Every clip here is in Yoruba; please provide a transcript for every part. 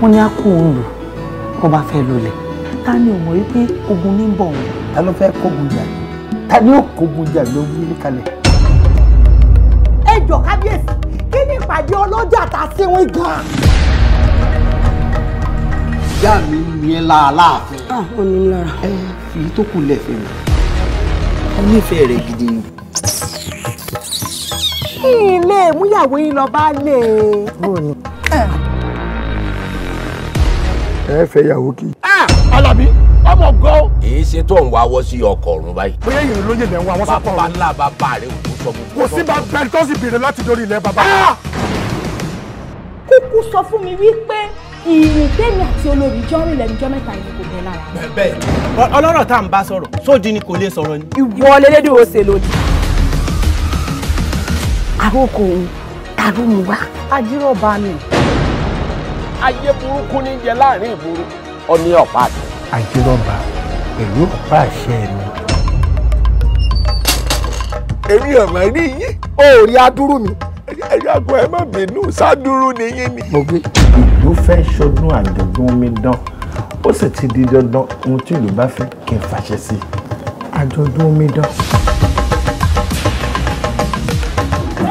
wọ́n ní akó òun lò kó bá fẹ́ lulẹ̀ ta ni ò mọ̀ wípé ogun ní bọ̀ òun. ta ló fẹ́ kógun jà ta ni ó kógun jà ló wí kalẹ̀. ẹ jọ kábíyèsí kí ni ìpàdé ọlọ́jà ta síwìn gan. ìyá mi ni ẹ la aláàfin. ọ̀hún ah, mi lára. ẹ fi tó kù lẹ̀ mi. ẹ nífẹ̀ẹ́ rẹ̀ gidi ni ṣí ilé múyàwó yín lọ bá lè. ẹ fẹ́ yàwó kí. alábí ọmọ gan. èyí ṣe tó ń wáwọ́ sí ọkọ̀ ọ̀run báyìí. bóyá ìrìn ló yẹ lẹ́ wá wọ́n sápọ̀ ọ̀run. bàbá ńlá bàbá rẹ̀ ò sọ fún mi. kò sí bàbá ẹ̀ tó sì bèrè láti dorí ilẹ̀ bàbá. kúkú sọ fún mi wípé ìrìn àti olórí jọ́rìn lẹ́nu jọ́ yìí kò bẹ́ẹ̀ lára. bẹ́ẹ̀ ọlọ́rọ̀ tá à ń bá sọ̀rọ̀ sódì ni kò lè sọ̀rọ̀ ni. ìwọ lélẹ́dẹ̀ ò ṣèlódì àròkọ òun tàbí mu wá. ajírọ̀bá mi. ayé burúkú ní jẹ láàrin ìbúrú ó ní ọ̀pá àti. ajírọ̀bá pẹ̀lú ọ̀pá àṣẹ mi. èmi ọ̀mọ̀ rí yín òòrí adúrú mi ẹ̀yàgò ẹ̀ má bínú sádúró ni yín ni. mo gbé ìlú fẹ́ ṣọdún àjọ̀dún mi dán ó sì ti di dandan ohun tí ìlú bá fẹ́ kí n fàṣẹ sí i àjọ̀dún omidan.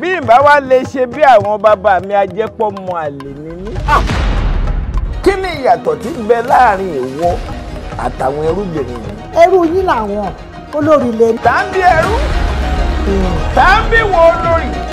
bí n bá wá lè ṣe bí àwọn bàbá mi ajẹ́pọ̀ mọ àlè níní. Ah! kí ni ìyàtọ̀ tí ń bẹ láàrin ìwọ àtàwọn ẹrúbìnrin yìí. ẹrú yín làwọn olórí lè. tàbí ẹrú tàbí wọn olórí.